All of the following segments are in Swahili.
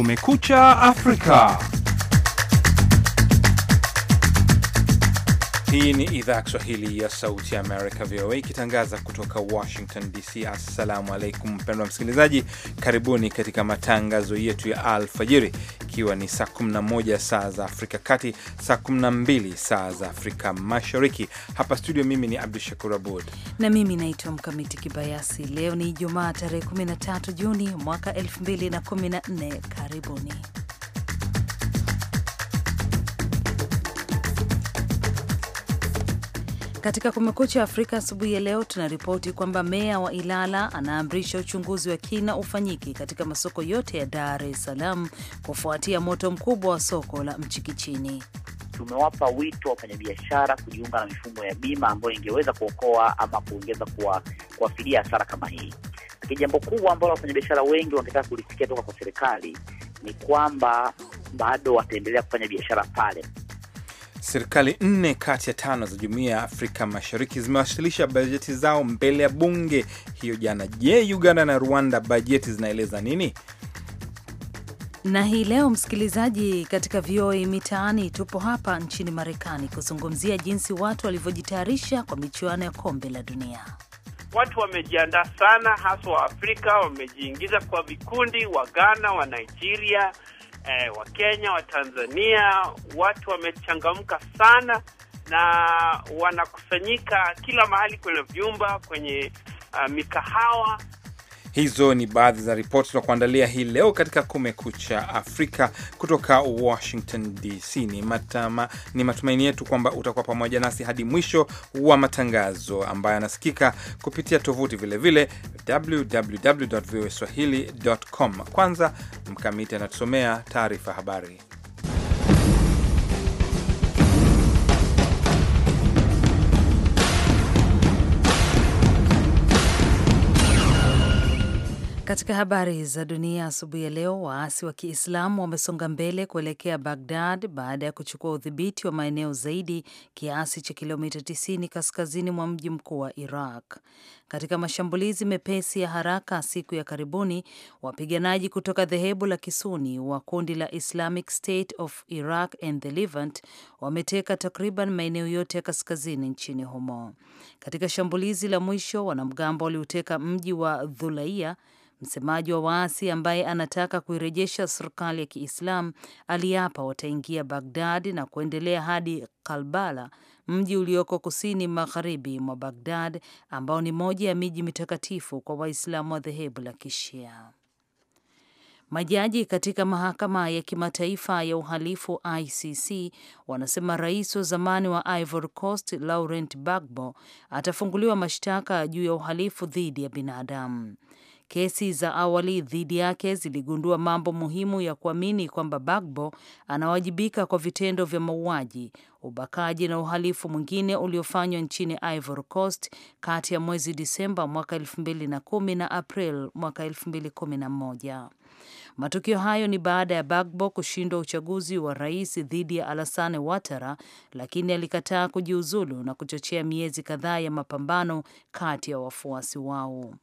Kumekucha Afrika. Hii ni idhaa ya Kiswahili ya Sauti ya Amerika, VOA, ikitangaza kutoka Washington DC. Assalamu alaikum mpendwa msikilizaji, karibuni katika matangazo yetu ya alfajiri, ikiwa ni saa 11 saa za Afrika Kati, saa 12 saa za Afrika Mashariki. Hapa studio, mimi ni Abdu Shakur Abud na mimi naitwa Mkamiti Kibayasi. Leo ni Ijumaa, tarehe 13 Juni mwaka 2014. Karibuni. Katika Kumekucha Afrika asubuhi ya leo tunaripoti kwamba meya wa Ilala anaamrisha uchunguzi wa kina ufanyike katika masoko yote ya Dar es Salaam kufuatia moto mkubwa wa soko la Mchikichini. Tumewapa wito wa wafanyabiashara kujiunga na mifumo ya bima ambayo ingeweza kuokoa ama kuongeza kuwafidia hasara kama hii. Lakini jambo kubwa ambalo wafanyabiashara wengi wangetaka kulisikia toka kwa serikali ni kwamba bado wataendelea kufanya biashara pale Serikali nne kati ya tano za jumuiya ya Afrika Mashariki zimewasilisha bajeti zao mbele ya bunge hiyo jana. Je, Uganda na Rwanda bajeti zinaeleza nini? Na hii leo, msikilizaji, katika VOA Mitaani tupo hapa nchini Marekani kuzungumzia jinsi watu walivyojitayarisha kwa michuano ya kombe la dunia. Watu wamejiandaa sana, haswa Waafrika wamejiingiza kwa vikundi, wa ghana wa Nigeria eh, Wakenya, Watanzania, watu wamechangamka sana na wanakusanyika kila mahali, kwenye vyumba, kwenye uh, mikahawa Hizo ni baadhi za ripoti za kuandalia hii leo katika Kumekucha Afrika kutoka Washington DC. Ni, matama, ni matumaini yetu kwamba utakuwa pamoja nasi hadi mwisho wa matangazo ambayo yanasikika kupitia tovuti vilevile www.voaswahili.com. Kwanza Mkamiti anatusomea taarifa habari. Katika habari za dunia asubuhi ya leo, waasi wa Kiislamu wamesonga mbele kuelekea Bagdad baada ya kuchukua udhibiti wa maeneo zaidi kiasi cha kilomita 90 kaskazini mwa mji mkuu wa Iraq. Katika mashambulizi mepesi ya haraka siku ya karibuni, wapiganaji kutoka dhehebu la Kisuni wa kundi la Islamic State of Iraq and the Levant wameteka takriban maeneo yote ya kaskazini nchini humo. Katika shambulizi la mwisho, wanamgambo waliuteka mji wa Dhulaia Msemaji wa waasi ambaye anataka kuirejesha serikali ya Kiislamu aliapa wataingia Bagdad na kuendelea hadi Kalbala, mji ulioko kusini magharibi mwa Bagdad, ambao ni moja ya miji mitakatifu kwa Waislamu wa dhehebu la Kishia. Majaji katika mahakama ya kimataifa ya uhalifu ICC wanasema rais wa zamani wa Ivory Coast Laurent Gbagbo atafunguliwa mashtaka juu ya uhalifu dhidi ya binadamu. Kesi za awali dhidi yake ziligundua mambo muhimu ya kuamini kwamba Bagbo anawajibika kwa vitendo vya mauaji, ubakaji na uhalifu mwingine uliofanywa nchini Ivory Coast kati ya mwezi Disemba mwaka 2010 na April mwaka 2011. Matukio hayo ni baada ya Bagbo kushindwa uchaguzi wa rais dhidi ya Alassane Ouattara, lakini alikataa kujiuzulu na kuchochea miezi kadhaa ya mapambano kati ya wafuasi wao.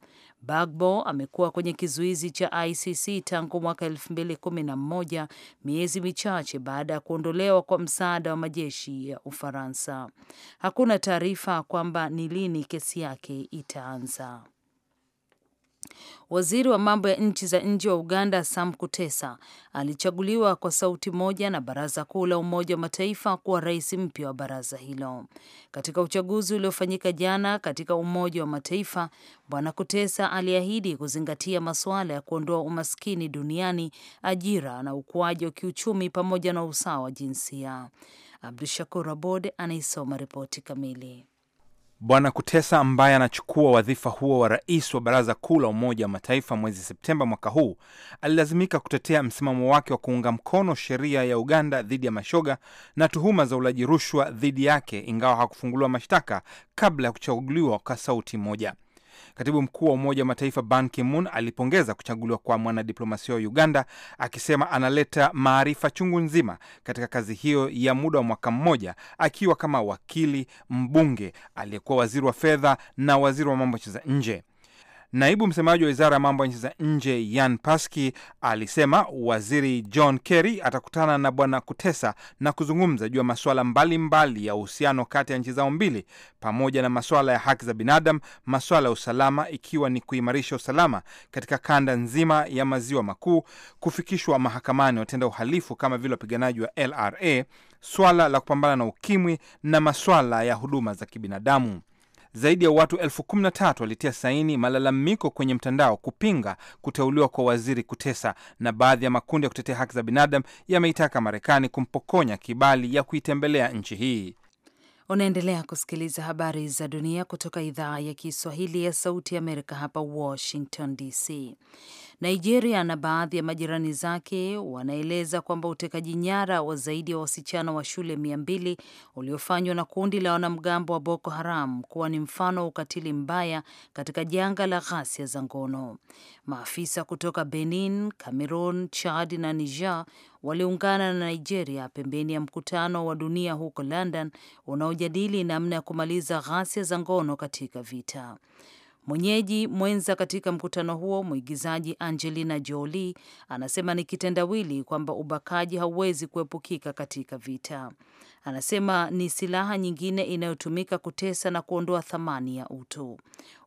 Bagbo amekuwa kwenye kizuizi cha ICC tangu mwaka 2011 miezi michache baada ya kuondolewa kwa msaada wa majeshi ya Ufaransa. Hakuna taarifa kwamba ni lini kesi yake itaanza. Waziri wa mambo ya nchi za nje wa Uganda Sam Kutesa alichaguliwa kwa sauti moja na Baraza Kuu la Umoja wa Mataifa kuwa rais mpya wa baraza hilo. Katika uchaguzi uliofanyika jana katika Umoja wa Mataifa, Bwana Kutesa aliahidi kuzingatia masuala ya kuondoa umaskini duniani, ajira na ukuaji wa kiuchumi pamoja na usawa wa jinsia. Abdushakur Abod anaisoma ripoti kamili. Bwana Kutesa ambaye anachukua wadhifa huo wa rais wa baraza kuu la Umoja wa Mataifa mwezi Septemba mwaka huu alilazimika kutetea msimamo wake wa kuunga mkono sheria ya Uganda dhidi ya mashoga na tuhuma za ulaji rushwa dhidi yake, ingawa hakufunguliwa mashtaka kabla ya kuchaguliwa kwa sauti moja. Katibu mkuu wa Umoja wa Mataifa Ban Ki-moon alipongeza kuchaguliwa kwa mwanadiplomasia wa Uganda akisema analeta maarifa chungu nzima katika kazi hiyo ya muda wa mwaka mmoja, akiwa kama wakili, mbunge, aliyekuwa waziri wa fedha na waziri wa mambo ya nje. Naibu msemaji wa wizara ya mambo ya nchi za nje Yan Paski alisema waziri John Kerry atakutana na bwana Kutesa na kuzungumza juu ya masuala mbalimbali ya uhusiano kati ya nchi zao mbili, pamoja na masuala ya haki za binadamu, masuala ya usalama, ikiwa ni kuimarisha usalama katika kanda nzima ya maziwa makuu, kufikishwa mahakamani watenda uhalifu kama vile wapiganaji wa LRA, swala la kupambana na ukimwi na maswala ya huduma za kibinadamu zaidi ya watu elfu kumi na tatu walitia saini malalamiko kwenye mtandao kupinga kuteuliwa kwa waziri Kutesa, na baadhi ya makundi ya kutetea haki za binadamu yameitaka Marekani kumpokonya kibali ya kuitembelea nchi hii. Unaendelea kusikiliza habari za dunia kutoka idhaa ya Kiswahili ya Sauti ya Amerika hapa Washington DC. Nigeria na baadhi ya majirani zake wanaeleza kwamba utekaji nyara wa zaidi ya wasichana wa shule mia mbili uliofanywa na kundi la wanamgambo wa Boko Haram kuwa ni mfano wa ukatili mbaya katika janga la ghasia za ngono. Maafisa kutoka Benin, Cameroon, Chad na Niger waliungana na Nigeria pembeni ya mkutano wa dunia huko London unaojadili namna ya kumaliza ghasia za ngono katika vita. Mwenyeji mwenza katika mkutano huo, mwigizaji Angelina Jolie anasema ni kitendawili kwamba ubakaji hauwezi kuepukika katika vita. Anasema ni silaha nyingine inayotumika kutesa na kuondoa thamani ya utu.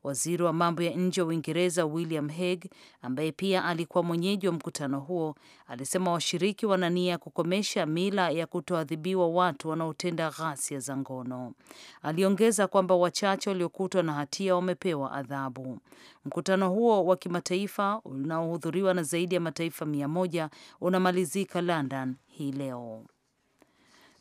Waziri wa mambo ya nje wa Uingereza William Hague, ambaye pia alikuwa mwenyeji wa mkutano huo, alisema washiriki wana nia ya kukomesha mila ya kutoadhibiwa watu wanaotenda ghasia za ngono. Aliongeza kwamba wachache waliokutwa na hatia wamepewa adhabu. Mkutano huo wa kimataifa unaohudhuriwa na zaidi ya mataifa mia moja unamalizika London hii leo.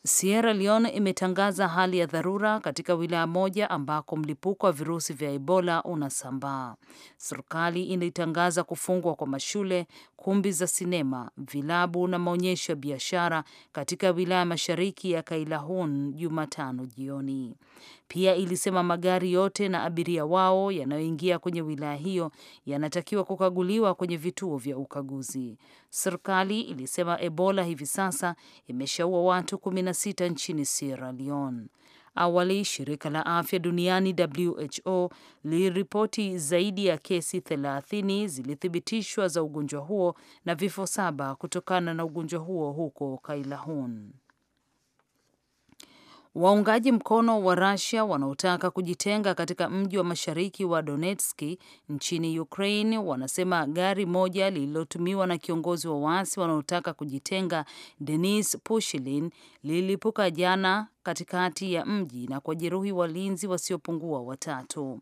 Sierra Leone imetangaza hali ya dharura katika wilaya moja ambako mlipuko wa virusi vya Ebola unasambaa. Serikali inaitangaza kufungwa kwa mashule, kumbi za sinema, vilabu na maonyesho ya biashara katika wilaya mashariki ya Kailahun Jumatano jioni. Pia ilisema magari yote na abiria wao yanayoingia kwenye wilaya hiyo yanatakiwa kukaguliwa kwenye vituo vya ukaguzi. Serikali ilisema Ebola hivi sasa imeshaua watu 16 nchini Sierra Leone. Awali shirika la afya duniani WHO liliripoti zaidi ya kesi 30 zilithibitishwa za ugonjwa huo na vifo saba kutokana na ugonjwa huo huko Kailahun. Waungaji mkono wa rasia wanaotaka kujitenga katika mji wa mashariki wa donetski nchini Ukraine wanasema gari moja lililotumiwa na kiongozi wa waasi wanaotaka kujitenga Denis Pushilin lililipuka jana katikati ya mji na jeruhi walinzi wasiopungua watatu.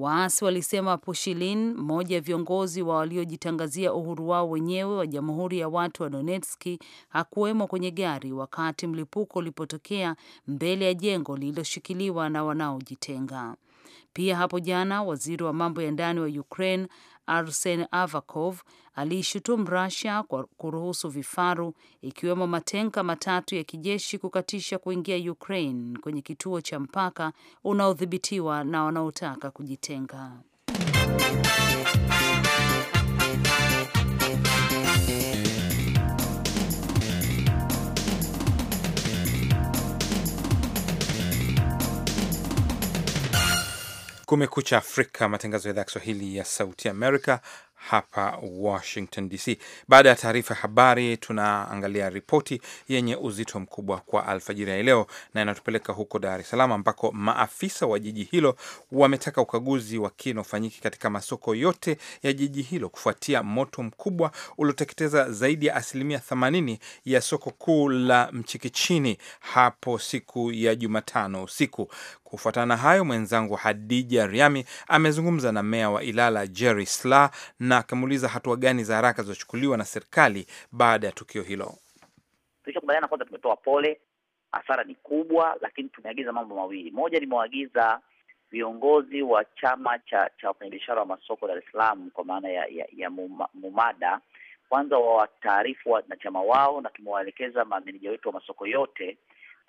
Waasi walisema Pushilin, mmoja ya viongozi wa waliojitangazia uhuru wao wenyewe wa Jamhuri ya Watu wa Donetski, hakuwemo kwenye gari wakati mlipuko ulipotokea mbele ya jengo lililoshikiliwa na wanaojitenga. Pia hapo jana waziri wa mambo ya ndani wa Ukraine Arsen Avakov aliishutumu Rusia kwa kuruhusu vifaru ikiwemo matenka matatu ya kijeshi kukatisha kuingia Ukraine kwenye kituo cha mpaka unaodhibitiwa na wanaotaka kujitenga. Kumekucha Afrika, matangazo ya idhaa ya Kiswahili ya Sauti Amerika hapa Washington DC. Baada ya taarifa ya habari, tunaangalia ripoti yenye uzito mkubwa kwa alfajiri ya leo, na inatupeleka huko Dar es Salaam ambako maafisa wa jiji hilo wametaka ukaguzi wa kina ufanyike katika masoko yote ya jiji hilo kufuatia moto mkubwa ulioteketeza zaidi ya asilimia 80 ya soko kuu la Mchikichini hapo siku ya Jumatano usiku. Kufuatana na hayo, mwenzangu Hadija Riami amezungumza na meya wa Ilala Jerry Sla na akamuuliza hatua gani za haraka zilizochukuliwa na serikali baada ya tukio hilo. Tulishakubaliana kwanza, tumetoa pole, hasara ni kubwa, lakini tumeagiza mambo mawili. Moja, nimewaagiza viongozi wa chama cha cha wafanyabiashara wa masoko Dar es Salaam kwa maana ya, ya, ya muma, MUMADA kwanza wawataarifu wanachama wao, na tumewaelekeza mameneja wetu wa masoko yote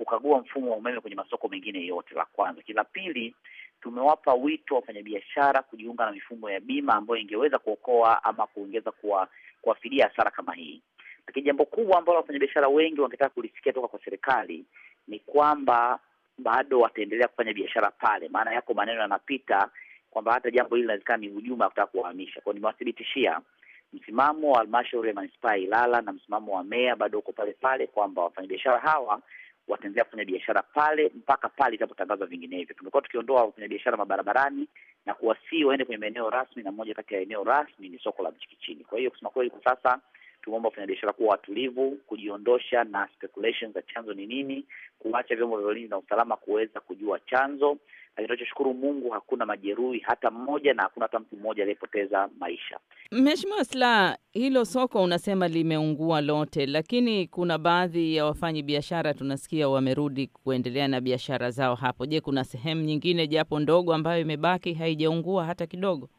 kukagua mfumo wa umeme kwenye masoko mengine yote, la kwanza. La pili, tumewapa wito wafanyabiashara kujiunga na mifumo ya bima ambayo ingeweza kuokoa ama kuongeza kuwafidia hasara kama hii. Lakini jambo kubwa ambalo wafanyabiashara wengi wangetaka kulisikia toka kwa serikali ni kwamba bado wataendelea kufanya biashara pale, maana yako maneno yanapita kwamba hata jambo hili linawezekana ni hujuma ya kutaka kuwahamisha kwao. Nimewathibitishia msimamo wa halmashauri ya manispaa ya Ilala na msimamo wa meya bado uko pale pale, kwamba wafanyabiashara hawa wataendelea kufanya biashara pale mpaka pale itapotangazwa vinginevyo. Tumekuwa tukiondoa wafanyabiashara mabarabarani na kuwasii waende kwenye maeneo rasmi, na moja kati ya eneo rasmi ni soko la Mchikichini. Kwa hiyo kusema kweli, kwa sasa tumeomba wafanyabiashara kuwa watulivu, kujiondosha na speculation za chanzo ni nini, kuacha vyombo vya ulinzi na usalama kuweza kujua chanzo. Lakini tunachoshukuru Mungu, hakuna majeruhi hata mmoja na hakuna hata mtu mmoja aliyepoteza maisha. Mheshimiwa Sla, hilo soko unasema limeungua lote, lakini kuna baadhi ya wafanyi biashara tunasikia wamerudi kuendelea na biashara zao hapo. Je, kuna sehemu nyingine japo ndogo ambayo imebaki haijaungua hata kidogo?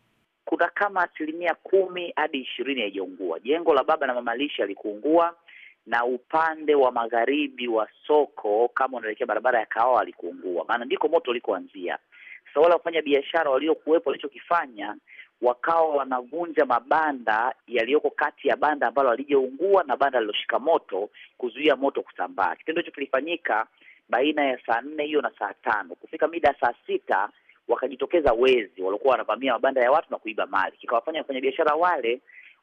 kuna kama asilimia kumi hadi ishirini haijaungua. Jengo la baba na mama alikuungua na upande wa magharibi wa soko kama unaelekea barabara ya kawa alikuungua, maana ndiko moto ulikoanzia. Sasa wale wafanya biashara waliokuwepo walichokifanya wakawa wanavunja mabanda yaliyoko kati ya banda ambalo alijaungua na banda lililoshika moto kuzuia moto kusambaa. Kitendo hicho kilifanyika baina ya saa nne hiyo na saa tano. Kufika mida ya saa sita wakajitokeza wezi waliokuwa wanavamia mabanda ya watu na kuiba mali, kikawafanya wafanyabiashara wale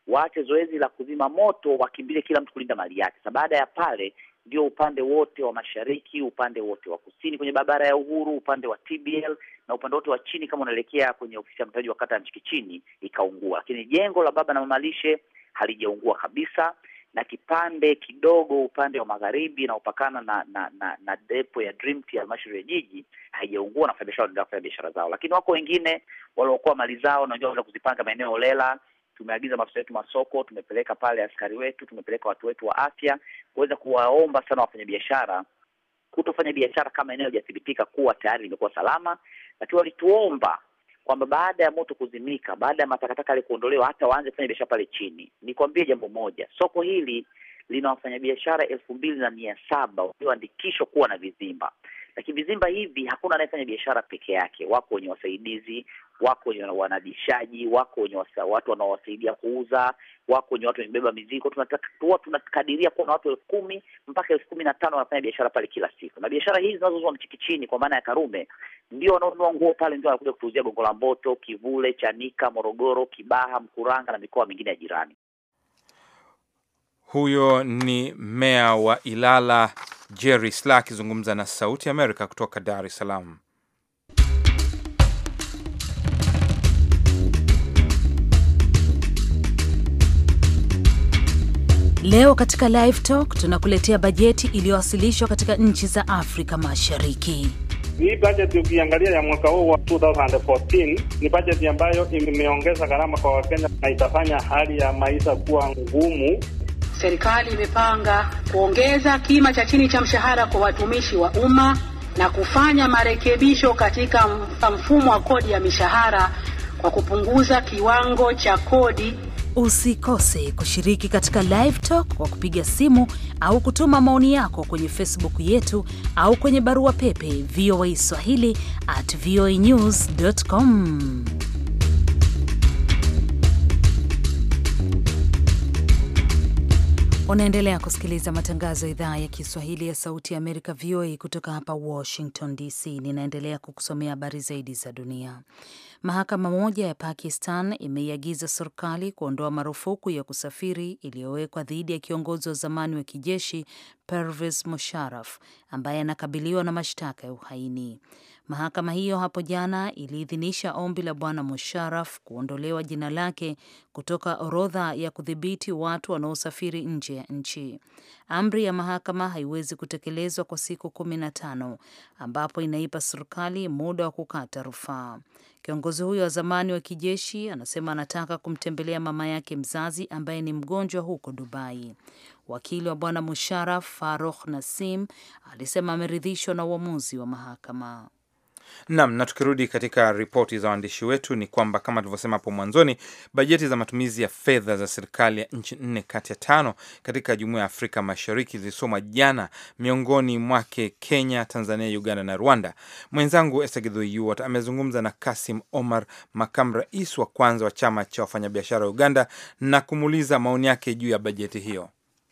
waache zoezi la kuzima moto, wakimbile kila mtu kulinda mali yake. Sa baada ya pale ndio upande wote wa mashariki, upande wote wa kusini kwenye barabara ya Uhuru, upande wa TBL na upande wote wa chini kama unaelekea kwenye ofisi ya mtendaji wa kata ya Mchikichini ikaungua, lakini jengo la baba na mamalishe halijaungua kabisa na kipande kidogo upande wa magharibi inaopakana na na, na na depo ya Dreamti ya halmashauri ya jiji haijaungua na wafanyabiashara wanaendelea kufanya biashara zao, lakini wako wengine waliokuwa mali zao na wengine kuzipanga maeneo lela Tumeagiza maafisa wetu masoko, tumepeleka pale askari wetu, tumepeleka watu wetu wa afya kuweza kuwaomba sana wafanyabiashara kutofanya biashara kama eneo hajathibitika kuwa tayari limekuwa salama, lakini walituomba kwamba baada ya moto kuzimika, baada ya matakataka yale kuondolewa, hata waanze kufanya biashara pale chini. Nikwambie jambo moja, soko hili lina wafanyabiashara elfu mbili na mia saba walioandikishwa kuwa na vizimba. Lakini vizimba hivi hakuna anayefanya biashara peke yake, wako wenye wasaidizi, wako wenye wanabishaji, wako wenye watu wanaowasaidia kuuza, wako wenye watu wamebeba mizigo. Huwa tunakadiria kuwa na watu elfu kumi mpaka elfu kumi na tano wanafanya biashara pale kila siku, na biashara hizi zinazouzwa Mchikichini kwa maana ya Karume ndio wanaonunua nguo pale, ndio wanakuja kutuuzia Gongo la Mboto, Kivule, Chanika, Morogoro, Kibaha, Mkuranga na mikoa mingine ya jirani. Huyo ni meya wa Ilala Jerry Sla akizungumza na Sauti Amerika kutoka Dar es Salaam. Leo katika Live Talk tunakuletea bajeti iliyowasilishwa katika nchi za Afrika Mashariki. Hii bajeti ukiangalia ya mwaka huu wa 2014 ni bajeti ambayo imeongeza gharama kwa Wakenya na itafanya hali ya maisha kuwa ngumu serikali imepanga kuongeza kima cha chini cha mshahara kwa watumishi wa umma na kufanya marekebisho katika mfumo wa kodi ya mishahara kwa kupunguza kiwango cha kodi. Usikose kushiriki katika live talk kwa kupiga simu au kutuma maoni yako kwenye Facebook yetu au kwenye barua pepe voa swahili at voanews.com. Unaendelea kusikiliza matangazo ya idhaa ya Kiswahili ya Sauti ya Amerika, VOA, kutoka hapa Washington DC. Ninaendelea kukusomea habari zaidi za dunia. Mahakama moja ya Pakistan imeiagiza serikali kuondoa marufuku ya kusafiri iliyowekwa dhidi ya kiongozi wa zamani wa kijeshi Pervez Musharraf ambaye anakabiliwa na mashtaka ya uhaini. Mahakama hiyo hapo jana iliidhinisha ombi la Bwana musharaf kuondolewa jina lake kutoka orodha ya kudhibiti watu wanaosafiri nje ya nchi. Amri ya mahakama haiwezi kutekelezwa kwa siku kumi na tano ambapo inaipa serikali muda wa kukata rufaa. Kiongozi huyo wa zamani wa kijeshi anasema anataka kumtembelea mama yake mzazi ambaye ni mgonjwa huko Dubai. Wakili wa Bwana musharaf Farokh Nasim, alisema ameridhishwa na uamuzi wa mahakama. Nam, na tukirudi katika ripoti za waandishi wetu ni kwamba kama tulivyosema hapo mwanzoni, bajeti za matumizi ya fedha za serikali ya nchi nne kati ya tano katika jumuiya ya Afrika Mashariki zilisomwa jana, miongoni mwake Kenya, Tanzania, Uganda na Rwanda. Mwenzangu Estegidho amezungumza na Kasim Omar, makamu rais wa kwanza wa chama cha wafanyabiashara wa Uganda, na kumuuliza maoni yake juu ya bajeti hiyo.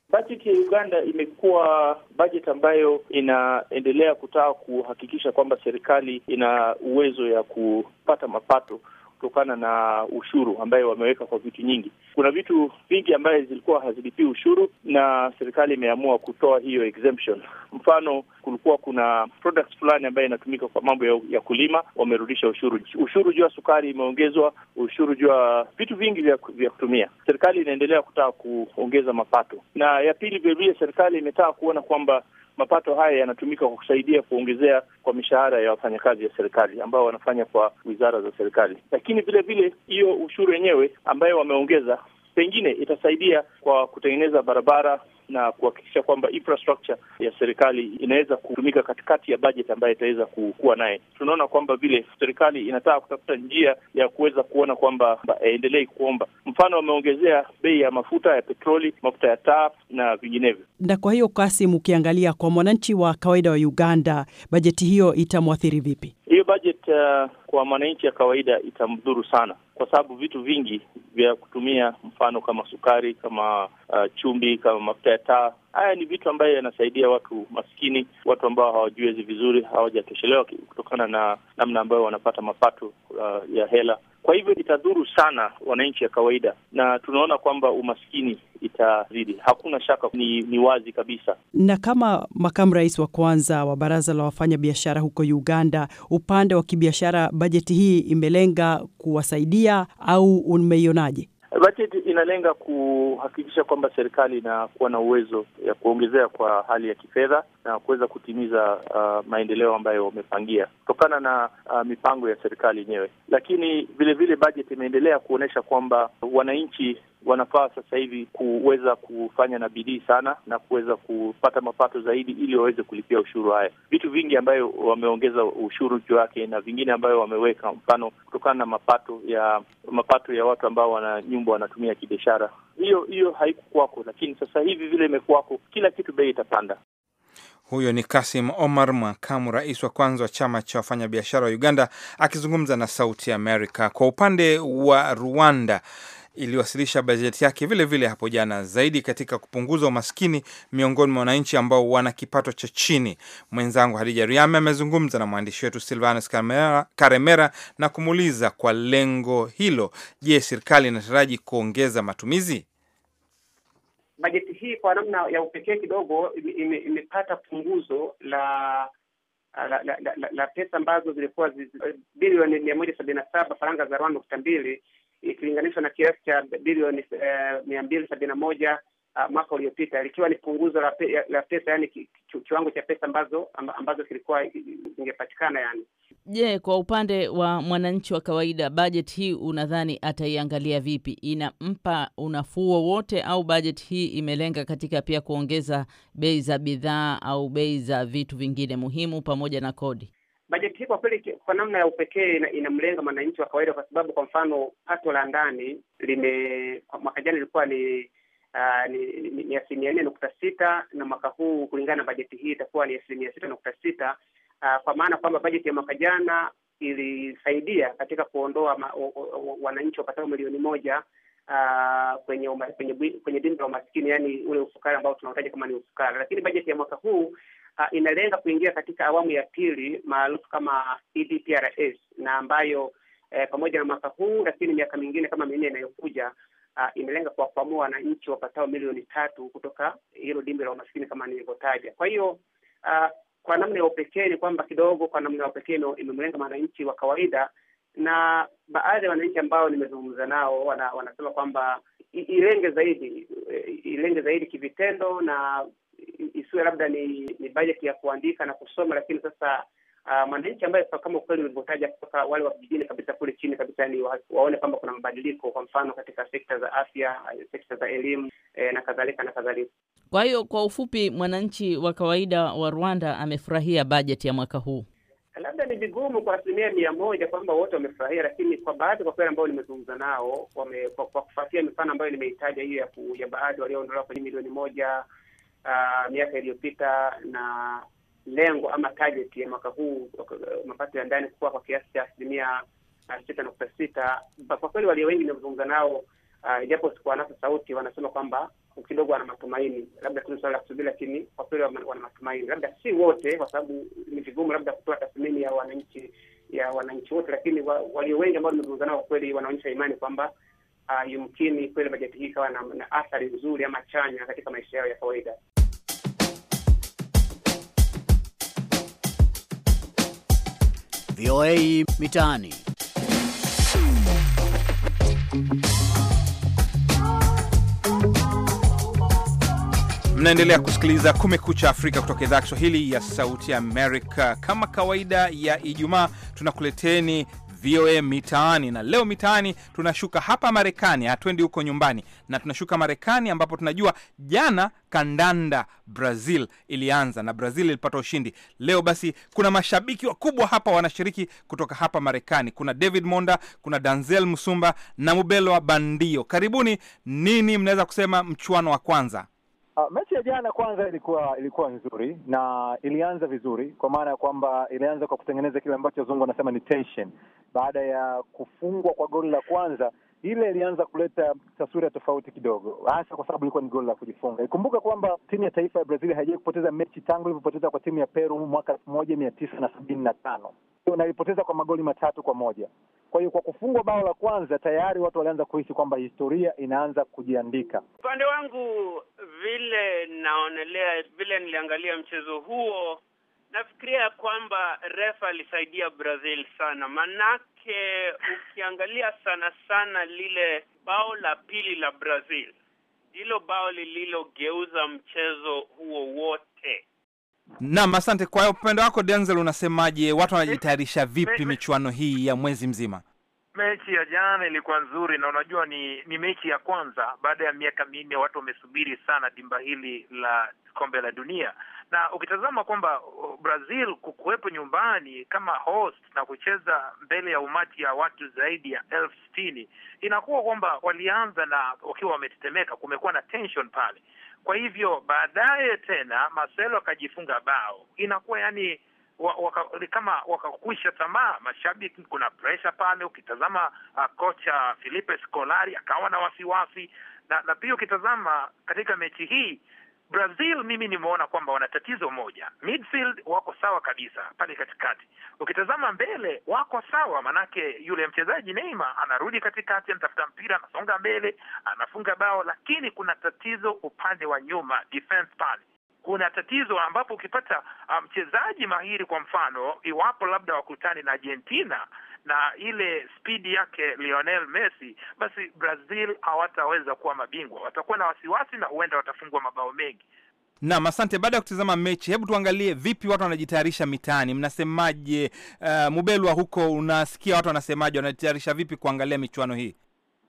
Bajeti ya Uganda imekuwa bajeti ambayo inaendelea kutaka kuhakikisha kwamba serikali ina uwezo ya kupata mapato kutokana na ushuru ambayo wameweka kwa vitu nyingi. Kuna vitu vingi ambayo zilikuwa hazilipii ushuru na serikali imeamua kutoa hiyo exemption. Mfano, kulikuwa kuna products fulani ambayo inatumika kwa mambo ya, ya kulima, wamerudisha ushuru. Ushuru juu ya sukari imeongezwa, ushuru juu ya vitu vingi vya, vya kutumia. Serikali inaendelea kutaka kuongeza mapato, na ya pili vilevile serikali imetaka kuona kwamba mapato haya yanatumika kwa kusaidia kuongezea kwa mishahara ya wafanyakazi wa serikali ambao wanafanya kwa wizara za serikali, lakini vile vile hiyo ushuru wenyewe ambayo wameongeza pengine itasaidia kwa kutengeneza barabara na kuhakikisha kwamba infrastructure ya serikali inaweza kutumika katikati ya bajeti ambayo itaweza kuwa naye. Tunaona kwamba vile serikali inataka kutafuta njia ya kuweza kuona kwamba aendelei kuomba, mfano wameongezea bei ya mafuta ya petroli, mafuta ya taa na vinginevyo. Na kwa hiyo kasim ukiangalia kwa mwananchi wa kawaida wa Uganda, bajeti hiyo itamwathiri vipi? Hiyo bajeti hata kwa mwananchi ya kawaida itamdhuru sana, kwa sababu vitu vingi vya kutumia, mfano kama sukari, kama uh, chumbi, kama mafuta ya taa, haya ni vitu ambayo yanasaidia watu maskini, watu ambao hawajiwezi vizuri, hawajatoshelewa kutokana na namna ambayo wanapata mapato uh, ya hela kwa hivyo itadhuru sana wananchi ya kawaida, na tunaona kwamba umaskini itazidi. Hakuna shaka, ni, ni wazi kabisa. Na kama makamu rais wa kwanza wa baraza la wafanya biashara huko Uganda, upande wa kibiashara, bajeti hii imelenga kuwasaidia au umeionaje? Bajeti inalenga kuhakikisha kwamba serikali inakuwa na uwezo ya kuongezea kwa hali ya kifedha na kuweza kutimiza uh, maendeleo ambayo wamepangia kutokana na uh, mipango ya serikali yenyewe. Lakini vilevile bajeti imeendelea kuonyesha kwamba wananchi wanafaa sasa hivi kuweza kufanya na bidii sana na kuweza kupata mapato zaidi ili waweze kulipia ushuru. Haya vitu vingi ambayo wameongeza ushuru juu yake na vingine ambayo wameweka mfano kutokana na mapato ya mapato ya watu ambao wana nyumba wanatumia kibiashara. Hiyo hiyo haikukwako, lakini sasa hivi vile imekuwako, kila kitu bei itapanda. Huyo ni Kasim Omar, makamu rais wa kwanza wa chama cha wafanyabiashara wa Uganda, akizungumza na Sauti Amerika. Kwa upande wa Rwanda, iliwasilisha bajeti yake vile vile hapo jana, zaidi katika kupunguza umaskini miongoni mwa wananchi ambao wana kipato cha chini. Mwenzangu Hadija Riame amezungumza na mwandishi wetu Silvanus Karemera na kumuuliza kwa lengo hilo, je, serikali inataraji kuongeza matumizi? Bajeti hii kwa namna ya upekee kidogo imepata punguzo la la, la, la, la pesa ambazo zilikuwa bilioni mia moja sabini na saba faranga za Rwanda nukta mbili ikilinganishwa na kiasi cha bilioni eh, mia mbili sabini na moja uh, mwaka uliopita likiwa ni punguzo la, pe, la pesa yani ki, ki, kiwango cha pesa ambazo ambazo kilikuwa zingepatikana yani. Je, kwa upande wa mwananchi wa kawaida bajeti hii unadhani ataiangalia vipi? Inampa unafuu wowote au bajeti hii imelenga katika pia kuongeza bei za bidhaa au bei za vitu vingine muhimu pamoja na kodi? Bajeti hii kwa kweli kwa namna ya upekee inamlenga mwananchi wa kawaida, kwa sababu kwa mfano pato la ndani lime mwaka jana ilikuwa ni Uh, ni, ni, ni asilimia nne nukta sita na mwaka huu kulingana na bajeti hii itakuwa ni asilimia sita nukta sita uh, kwa maana kwamba bajeti ya mwaka jana ilisaidia katika kuondoa wananchi wapatao milioni moja uh, kwenye, kwenye, kwenye la umaskini, yani ule ufukara ambao tunautaja kama ni ufukara, lakini bajeti ya mwaka huu uh, inalenga kuingia katika awamu ya pili maarufu kama EDPRS na ambayo eh, pamoja na mwaka huu lakini miaka mingine kama minne inayokuja Uh, imelenga kuwakwamua wananchi wapatao milioni tatu kutoka hilo dimbi la umaskini kama nilivyotaja. Kwa hiyo uh, kwa namna ya upekee ni kwamba kidogo, kwa namna ya upekee imemlenga wananchi wa kawaida, na baadhi ya wananchi ambao nimezungumza nao wana, wanasema kwamba ilenge zaidi eh, ilenge zaidi kivitendo na isiwe labda ni, ni bajeti ya kuandika na kusoma, lakini sasa uh, mwananchi ambaye kama ukweli ulivyotaja kutoka wale wa vijijini kabisa kule chini kabisa, yani wa, waone kwamba kuna mabadiliko, kwa mfano katika sekta za afya, sekta za elimu eh, na kadhalika na kadhalika. Kwa hiyo kwa ufupi, mwananchi wa kawaida wa Rwanda amefurahia bajeti ya mwaka huu labda ni vigumu kwa asilimia mia moja kwamba wote wamefurahia, lakini kwa baadhi kwa kweli ambao nimezungumza nao wame, kwa, kwa kufuatia mifano ambayo nimeitaja hiyo ya, ya baadhi walioondolewa kwenye milioni moja uh, miaka iliyopita na lengo ama target ya mwaka huu mapato ya ndani kukua kwa kiasi cha asilimia uh, sita nukta sita. Kwa kweli walio wengi nimezungumza nao, uh, ijapo uh, nasa sauti, wanasema kwamba kidogo wana matumaini, labda kuna suala la kusubiri, lakini kwa kweli wana matumaini, labda si wote, kwa sababu ni vigumu labda kutoa tathmini ya wananchi ya wananchi wote, lakini wa, walio wengi ambao nimezungumza nao kwa kweli wanaonyesha imani kwamba uh, yumkini kweli bajeti hii ikawa na, na athari nzuri ama chanya katika maisha yao ya kawaida. VOA Mitaani. Mnaendelea kusikiliza Kumekucha Afrika kutoka idhaa ya Kiswahili ya Sauti Amerika. Kama kawaida ya Ijumaa, tunakuleteni VOA Mitaani, na leo mitaani tunashuka hapa Marekani, hatuendi huko nyumbani, na tunashuka Marekani ambapo tunajua jana kandanda Brazil ilianza na Brazil ilipata ushindi leo. Basi kuna mashabiki wakubwa hapa wanashiriki kutoka hapa Marekani. Kuna David Monda, kuna Danzel Musumba na Mubelwa Bandio. Karibuni. Nini mnaweza kusema mchuano wa kwanza? Uh, mechi ya jana kwanza ilikuwa ilikuwa nzuri na ilianza vizuri, kwa maana ya kwamba ilianza kwa kutengeneza kile ambacho wazungu wanasema ni tension. Baada ya kufungwa kwa goli la kwanza ile ilianza kuleta taswira tofauti kidogo, hasa kwa sababu ilikuwa ni goli la kujifunga. Ikumbuka kwamba timu ya taifa ya Brazil haijawahi kupoteza mechi tangu ilivyopoteza kwa timu ya Peru mwaka elfu moja mia tisa na sabini na tano na ilipoteza kwa magoli matatu kwa moja. Kwa hiyo kwa kufungwa bao la kwanza tayari watu walianza kuhisi kwamba historia inaanza kujiandika. Upande wangu, vile naonelea, vile niliangalia mchezo huo Nafikiria kwamba refa alisaidia Brazil sana, manake ukiangalia sana sana lile bao la pili la Brazil ndilo bao lililogeuza mchezo huo wote. nam asante kwa upendo wako Denzel. Unasemaje, watu wanajitayarisha vipi michuano hii ya mwezi mzima? Mechi ya jana ilikuwa nzuri, na unajua ni, ni mechi ya kwanza baada ya miaka minne. Watu wamesubiri sana dimba hili la kombe la dunia na ukitazama kwamba uh, Brazil kukuwepo nyumbani kama host na kucheza mbele ya umati ya watu zaidi ya elfu sitini inakuwa kwamba walianza na wakiwa wametetemeka, kumekuwa na tension pale. Kwa hivyo baadaye tena Marcelo akajifunga bao, inakuwa yani Waka, kama wakakwisha tamaa mashabiki, kuna pressure pale. Ukitazama uh, kocha Filipe Scolari akawa na wasiwasi na, na pia ukitazama katika mechi hii Brazil mimi nimeona kwamba wana tatizo moja, midfield wako sawa kabisa pale katikati. Ukitazama mbele wako sawa, manake yule mchezaji Neymar anarudi katikati, anatafuta mpira, anasonga mbele, anafunga bao, lakini kuna tatizo upande wa nyuma, defense pale kuna tatizo ambapo ukipata ah, mchezaji um, mahiri kwa mfano, iwapo labda wakutane na Argentina na ile spidi yake Lionel Messi, basi Brazil hawataweza kuwa mabingwa. Watakuwa na wasiwasi na huenda watafungwa mabao mengi. Naam, asante. Baada ya kutazama mechi, hebu tuangalie vipi watu wanajitayarisha mitaani. Mnasemaje? Uh, Mubelwa huko, unasikia watu wanasemaje? Wanajitayarisha vipi kuangalia michuano hii?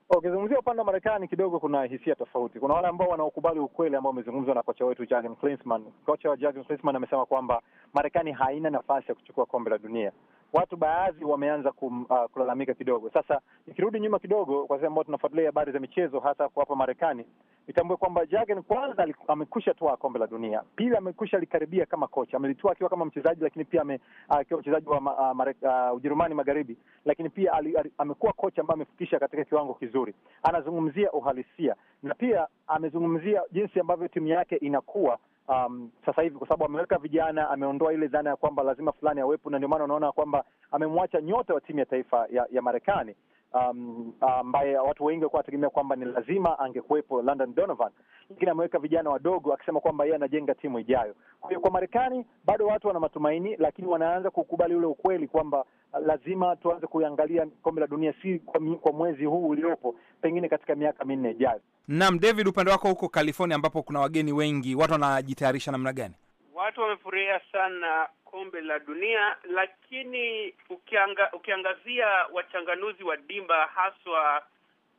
Ukizungumzia okay, upande wa Marekani kidogo kuna hisia tofauti. Kuna wale ambao wanaokubali ukweli ambao umezungumzwa na kocha wetu Jurgen Klinsmann. Kocha wa Jurgen Klinsmann amesema kwamba Marekani haina nafasi ya kuchukua kombe la dunia, watu baadhi wameanza kum, uh, kulalamika kidogo. Sasa nikirudi nyuma kidogo, kwa sisi ambao tunafuatilia habari za michezo hasa kwa hapa Marekani, nitambue kwamba Jagan kwanza amekusha toa kombe la dunia, pili amekusha likaribia kama kocha, amelitoa akiwa kama mchezaji, lakini pia akiwa uh, akiwa mchezaji wa ma, uh, mare, uh, Ujerumani Magharibi, lakini pia ali, ali, amekuwa kocha ambaye amefikisha katika kiwango kizuri. Anazungumzia uhalisia na pia amezungumzia jinsi ambavyo timu yake inakuwa um, sasa hivi, kwa sababu ameweka vijana, ameondoa ile dhana ya kwamba lazima fulani awepo, na ndio maana unaona kwamba amemwacha nyota wa timu ya taifa ya, ya Marekani Um, ambaye um, um, watu wengi walikuwa wanategemea kwamba ni lazima angekuwepo London Donovan, lakini ameweka vijana wadogo akisema kwamba yeye anajenga timu ijayo. Kwa hiyo kwa Marekani bado watu wana matumaini, lakini wanaanza kukubali ule ukweli kwamba lazima tuanze kuiangalia kombe la dunia si kwa mwezi huu uliopo, pengine katika miaka minne ijayo. Naam, David, upande wako huko California ambapo kuna wageni wengi, watu wanajitayarisha namna gani? Watu wamefurahia sana kombe la dunia, lakini ukianga, ukiangazia wachanganuzi wa dimba haswa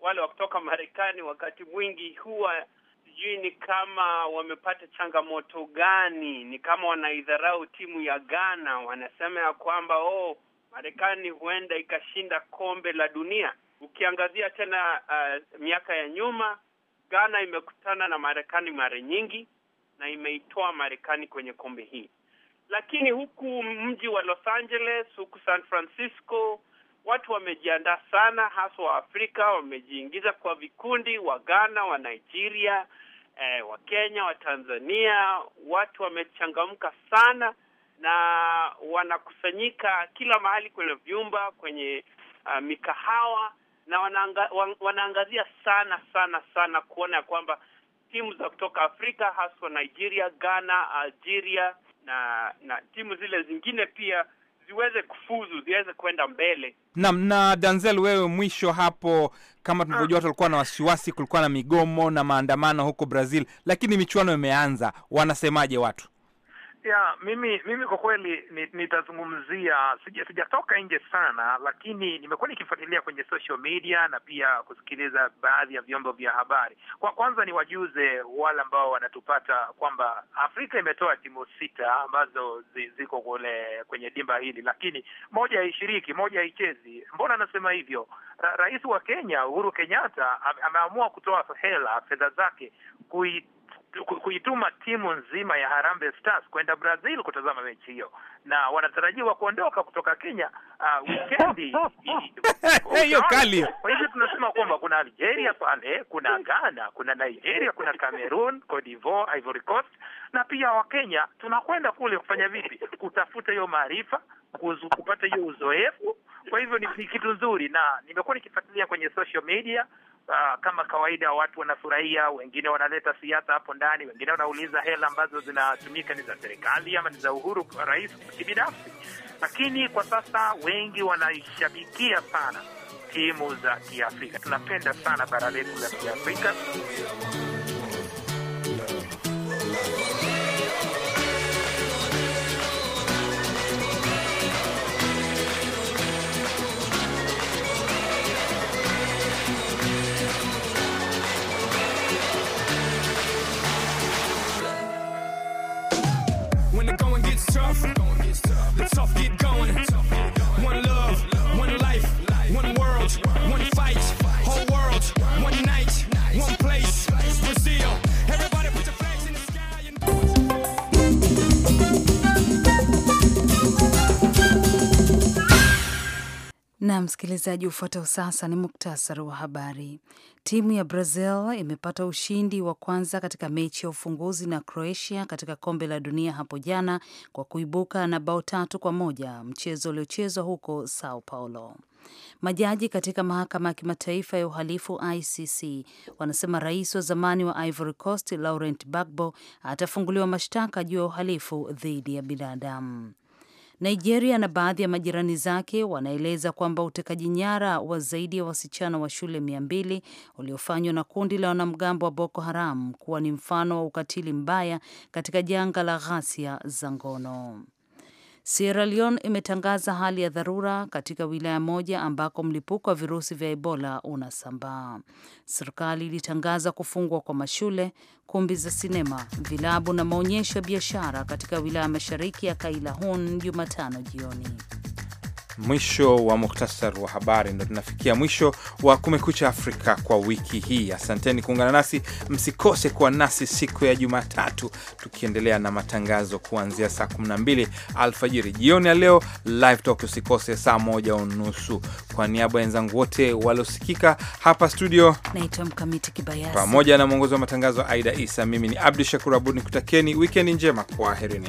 wale wa kutoka Marekani, wakati mwingi huwa sijui ni kama wamepata changamoto gani, ni kama wanaidharau timu ya Ghana. Wanasema ya kwamba oh, Marekani huenda ikashinda kombe la dunia. Ukiangazia tena uh, miaka ya nyuma Ghana imekutana na Marekani mara nyingi na imeitoa Marekani kwenye kombe hii. Lakini huku mji wa Los Angeles, huku San Francisco, watu wamejiandaa sana, haswa wa afrika wamejiingiza kwa vikundi, wa Ghana, wa Nigeria, eh, wa Kenya, wa Tanzania, watu wamechangamka sana na wanakusanyika kila mahali kwenye vyumba, kwenye uh, mikahawa na wanaanga, wanaangazia sana sana sana kuona ya kwamba timu za kutoka Afrika haswa Nigeria, Ghana, Algeria na na timu zile zingine pia ziweze kufuzu ziweze kwenda mbele. Naam. Na Danzel, wewe mwisho hapo, kama tunavyojua ah. watu walikuwa na wasiwasi, kulikuwa na migomo na maandamano huko Brazil, lakini michuano imeanza, wanasemaje watu? ya mimi mimi kwa kweli nitazungumzia ni sijatoka nje sana, lakini nimekuwa nikifuatilia kwenye social media na pia kusikiliza baadhi ya vyombo vya habari. Kwa kwanza niwajuze wale ambao wanatupata kwamba Afrika imetoa timu sita ambazo ziko kule kwenye dimba hili, lakini moja haishiriki, moja haichezi. Mbona anasema hivyo? Ra, rais wa Kenya Uhuru Kenyatta ameamua kutoa hela fedha zake kui kuituma timu nzima ya Harambe Stars kwenda Brazil kutazama mechi hiyo, na wanatarajiwa kuondoka kutoka Kenya uh, wikendi hiyo kali. Kwa hivyo tunasema kwamba kuna Algeria pale, kuna Ghana, kuna Nigeria, kuna Cameroon, Cote d'Ivoire, Ivory Coast na pia Wakenya tunakwenda kule kufanya vipi? Kutafuta hiyo maarifa, kupata hiyo uzoefu. Kwa hivyo ni, ni kitu nzuri, na nimekuwa nikifuatilia kwenye social media uh, kama kawaida watu wanafurahia, wengine wanaleta siasa hapo ndani, wengine wanauliza hela ambazo zinatumika ni za serikali ama ni za Uhuru rais kibinafsi. Lakini kwa sasa wengi wanaishabikia sana timu za Kiafrika, tunapenda sana bara letu la Kiafrika. tough, get going. Na msikilizaji, ufuatao sasa ni muktasari wa habari. Timu ya Brazil imepata ushindi wa kwanza katika mechi ya ufunguzi na Croatia katika kombe la dunia hapo jana kwa kuibuka na bao tatu kwa moja, mchezo uliochezwa huko Sao Paulo. Majaji katika mahakama ya kimataifa ya uhalifu ICC wanasema rais wa zamani wa Ivory Coast Laurent Gbagbo atafunguliwa mashtaka juu ya uhalifu dhidi ya binadamu. Nigeria na baadhi ya majirani zake wanaeleza kwamba utekaji nyara wa zaidi ya wasichana wa shule mia mbili uliofanywa na kundi la wanamgambo wa Boko Haram kuwa ni mfano wa ukatili mbaya katika janga la ghasia za ngono. Sierra Leone imetangaza hali ya dharura katika wilaya moja ambako mlipuko wa virusi vya Ebola unasambaa. Serikali ilitangaza kufungwa kwa mashule, kumbi za sinema, vilabu na maonyesho ya biashara katika wilaya mashariki ya Kailahun Jumatano jioni mwisho wa muktasar wa habari, ndo tunafikia mwisho wa Kumekucha Afrika kwa wiki hii. Asanteni kuungana nasi, msikose kuwa nasi siku ya Jumatatu tukiendelea na matangazo kuanzia saa 12 alfajiri. Jioni ya leo Live Talk usikose saa moja unusu. Kwa niaba ya wenzangu wote waliosikika hapa studio, naitwa Mkamiti Kibayasi, pamoja na mwongozi wa matangazo Aida Isa, mimi ni Abdu Shakur Abud nikutakieni wikendi njema, kwaherini.